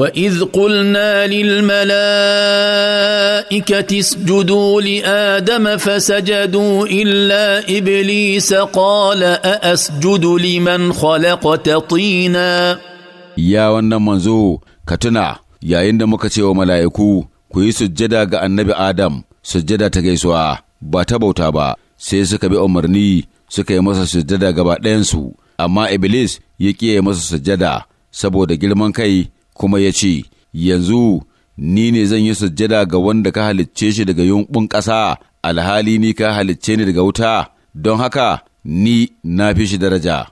واذ قلنا للملائكه اسجدوا لادم فسجدوا الا ابليس قال ااسجد لمن خلقت طينا يا wannan manzo ka tuna yayin da muka ce wa mala'iku ku yi sujjada ga annabi adam sujjada ta gaisuwa ba ta bauta ba sai suka bi umarni suka yi masa sujjada gaba ɗayansu amma iblis ya ƙiye masa sujjada saboda girman kai kuma ya ce, Yanzu ni ne zan yi sujjada ga wanda ka halicce shi daga yunkun ƙasa, alhali ni ka halicce ni daga wuta, don haka ni na fi shi daraja.